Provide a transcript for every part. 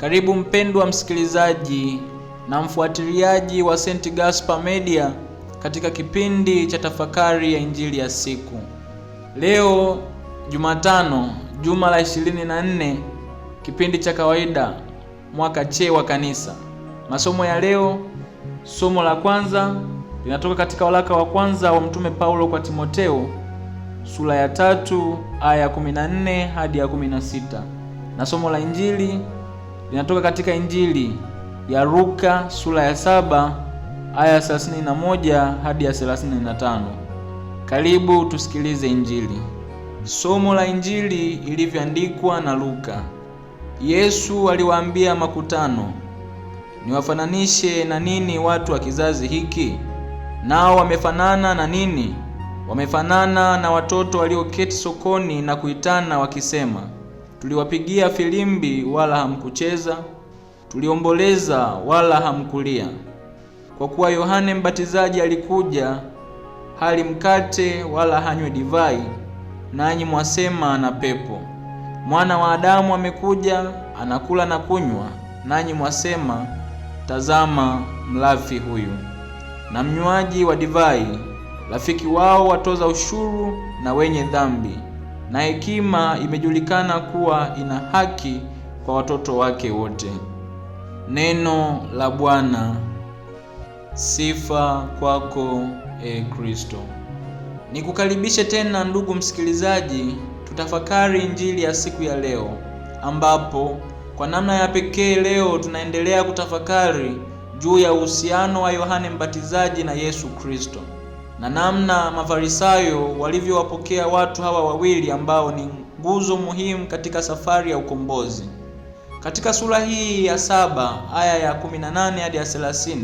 Karibu mpendwa msikilizaji na mfuatiliaji wa St. Gaspar Media katika kipindi cha tafakari ya Injili ya siku. Leo Jumatano, juma la 24, kipindi cha kawaida, mwaka C wa Kanisa. Masomo ya leo, somo la kwanza linatoka katika waraka wa kwanza wa Mtume Paulo kwa Timoteo sura ya tatu aya ya 14 hadi ya 16, na somo la Injili linatoka katika Injili ya Luka sura ya saba aya ya moja hadi ya tano. Karibu tusikilize Injili. Somo la Injili ilivyoandikwa na Luka. Yesu aliwaambia makutano, niwafananishe na nini watu wa kizazi hiki? Nao wamefanana na nini? Wamefanana na watoto walioketi sokoni na kuitana wakisema Tuliwapigia filimbi wala hamkucheza, tuliomboleza wala hamkulia. Kwa kuwa Yohane Mbatizaji alikuja, hali mkate wala hanywe divai, nanyi mwasema ana pepo. Mwana wa Adamu amekuja, anakula na kunywa, nanyi mwasema, tazama mlafi huyu na mnywaji wa divai, rafiki wao watoza ushuru na wenye dhambi na hekima imejulikana kuwa ina haki kwa watoto wake wote. Neno la Bwana. Sifa kwako e Kristo. Nikukaribishe tena ndugu msikilizaji, tutafakari injili ya siku ya leo, ambapo kwa namna ya pekee leo tunaendelea kutafakari juu ya uhusiano wa Yohane Mbatizaji na Yesu Kristo na namna Mafarisayo walivyowapokea watu hawa wawili ambao ni nguzo muhimu katika safari ya ukombozi. Katika sura hii ya saba aya ya 18 hadi ya 30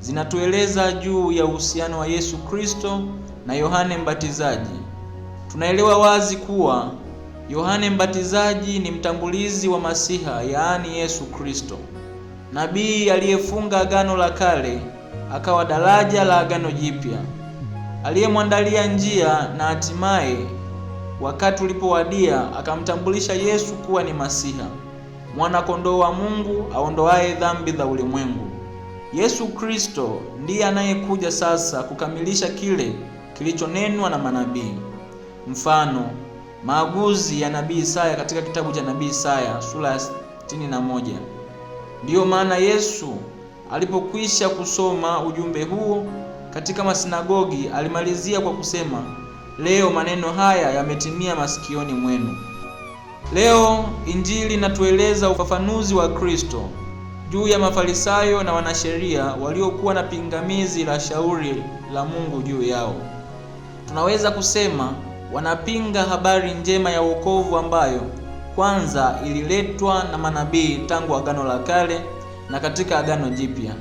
zinatueleza juu ya uhusiano wa Yesu Kristo na Yohane Mbatizaji. Tunaelewa wazi kuwa Yohane Mbatizaji ni mtangulizi wa Masiha, yaani Yesu Kristo, nabii aliyefunga Agano la Kale akawa daraja la Agano Jipya aliyemwandalia njia, na hatimaye wakati ulipowadia akamtambulisha Yesu kuwa ni Masiha, mwana kondoo wa Mungu aondoaye dhambi za ulimwengu. Yesu Kristo ndiye anayekuja sasa kukamilisha kile kilichonenwa na manabii. Mfano, maaguzi ya nabii Isaya katika kitabu cha nabii Isaya sura ya 61. Ndiyo maana Yesu Alipokwisha kusoma ujumbe huo katika masinagogi, alimalizia kwa kusema, leo maneno haya yametimia masikioni mwenu. Leo Injili inatueleza ufafanuzi wa Kristo juu ya Mafarisayo na wanasheria waliokuwa na pingamizi la shauri la Mungu juu yao. Tunaweza kusema wanapinga habari njema ya wokovu ambayo kwanza ililetwa na manabii tangu Agano la Kale na katika Agano Jipya.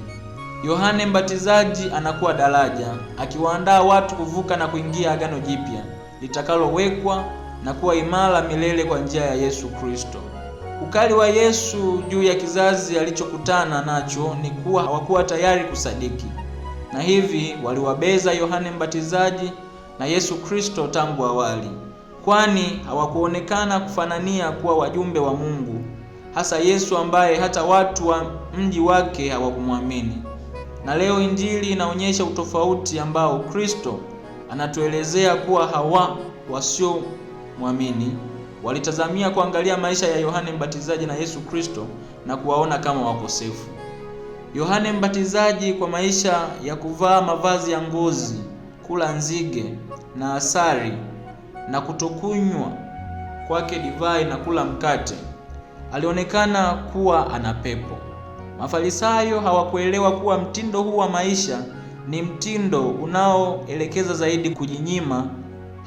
Yohane Mbatizaji anakuwa daraja akiwaandaa watu kuvuka na kuingia Agano Jipya litakalowekwa na kuwa imara milele kwa njia ya Yesu Kristo. Ukali wa Yesu juu ya kizazi alichokutana nacho ni kuwa hawakuwa tayari kusadiki, na hivi waliwabeza Yohane Mbatizaji na Yesu Kristo tangu awali, kwani hawakuonekana kufanania kuwa wajumbe wa Mungu hasa Yesu ambaye hata watu wa mji wake hawakumwamini. Na leo Injili inaonyesha utofauti ambao Kristo anatuelezea kuwa hawa wasiomwamini walitazamia kuangalia maisha ya Yohane Mbatizaji na Yesu Kristo na kuwaona kama wakosefu. Yohane Mbatizaji kwa maisha ya kuvaa mavazi ya ngozi, kula nzige na asali na kutokunywa kwake divai na kula mkate alionekana kuwa ana pepo. Mafarisayo hawakuelewa kuwa mtindo huu wa maisha ni mtindo unaoelekeza zaidi kujinyima,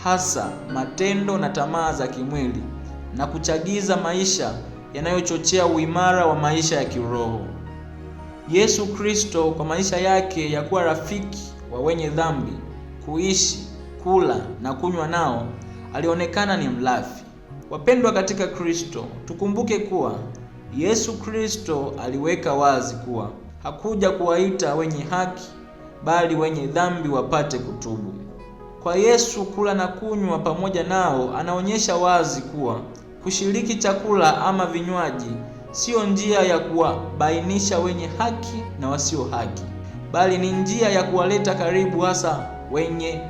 hasa matendo na tamaa za kimwili, na kuchagiza maisha yanayochochea uimara wa maisha ya kiroho. Yesu Kristo kwa maisha yake ya kuwa rafiki wa wenye dhambi, kuishi, kula na kunywa nao, alionekana ni mlafi. Wapendwa katika Kristo, tukumbuke kuwa Yesu Kristo aliweka wazi kuwa hakuja kuwaita wenye haki bali wenye dhambi wapate kutubu. Kwa Yesu kula na kunywa pamoja nao, anaonyesha wazi kuwa kushiriki chakula ama vinywaji siyo njia ya kuwabainisha wenye haki na wasio haki, bali ni njia ya kuwaleta karibu, hasa wenye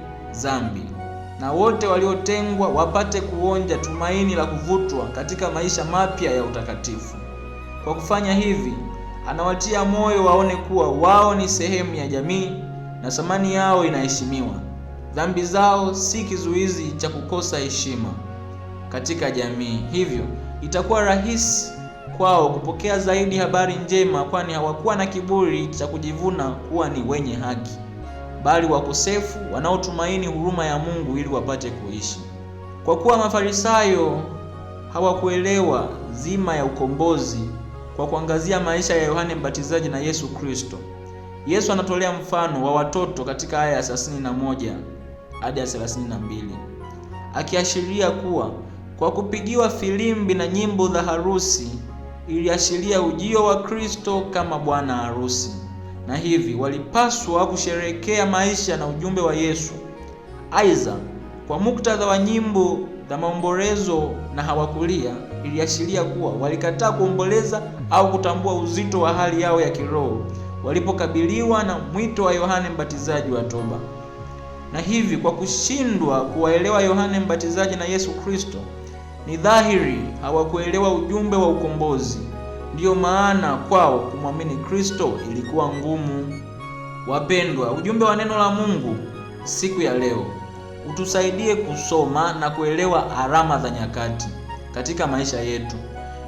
dhambi na wote waliotengwa wapate kuonja tumaini la kuvutwa katika maisha mapya ya utakatifu. Kwa kufanya hivi, anawatia moyo waone kuwa wao ni sehemu ya jamii na thamani yao inaheshimiwa. Dhambi zao si kizuizi cha kukosa heshima katika jamii, hivyo itakuwa rahisi kwao kupokea zaidi habari njema, kwani hawakuwa na kiburi cha kujivuna kuwa ni wenye haki bali wakosefu wanaotumaini huruma ya Mungu ili wapate kuishi. Kwa kuwa Mafarisayo hawakuelewa zima ya ukombozi kwa kuangazia maisha ya Yohane Mbatizaji na Yesu Kristo. Yesu anatolea mfano wa watoto katika aya ya 31 hadi ya 32, akiashiria kuwa kwa kupigiwa filimbi na nyimbo za harusi iliashiria ujio wa Kristo kama bwana harusi na hivi walipaswa kusherehekea maisha na ujumbe wa Yesu, aidha kwa muktadha wa nyimbo za maombolezo na hawakulia, iliashiria kuwa walikataa kuomboleza au kutambua uzito wa hali yao ya kiroho walipokabiliwa na mwito wa Yohane Mbatizaji wa toba. Na hivi kwa kushindwa kuwaelewa Yohane Mbatizaji na Yesu Kristo, ni dhahiri hawakuelewa ujumbe wa ukombozi. Ndiyo maana kwao kumwamini Kristo ilikuwa ngumu. Wapendwa, ujumbe wa neno la Mungu siku ya leo utusaidie kusoma na kuelewa alama za nyakati katika maisha yetu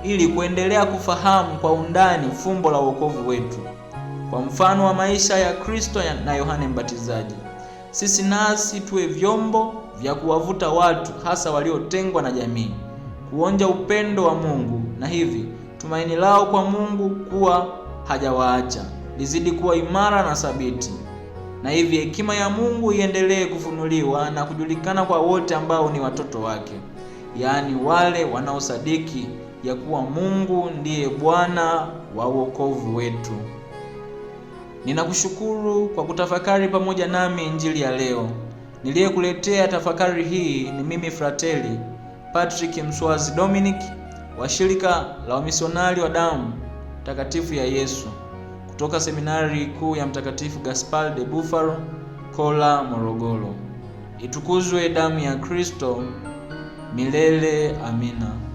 ili kuendelea kufahamu kwa undani fumbo la wokovu wetu kwa mfano wa maisha ya Kristo na Yohane Mbatizaji. Sisi nasi tuwe vyombo vya kuwavuta watu hasa waliotengwa na jamii kuonja upendo wa Mungu na hivi tumaini lao kwa Mungu kuwa hajawaacha lizidi kuwa imara na thabiti, na hivi hekima ya Mungu iendelee kufunuliwa na kujulikana kwa wote ambao ni watoto wake, yaani wale wanaosadiki ya kuwa Mungu ndiye Bwana wa wokovu wetu. Ninakushukuru kwa kutafakari pamoja nami injili ya leo. Niliyekuletea tafakari hii ni mimi frateli Patrick Mswazi Dominic wa shirika la wamisionari wa damu takatifu ya Yesu kutoka seminari kuu ya Mtakatifu Gaspar de Bufalo, Kola, Morogoro. Itukuzwe damu ya Kristo! Milele amina.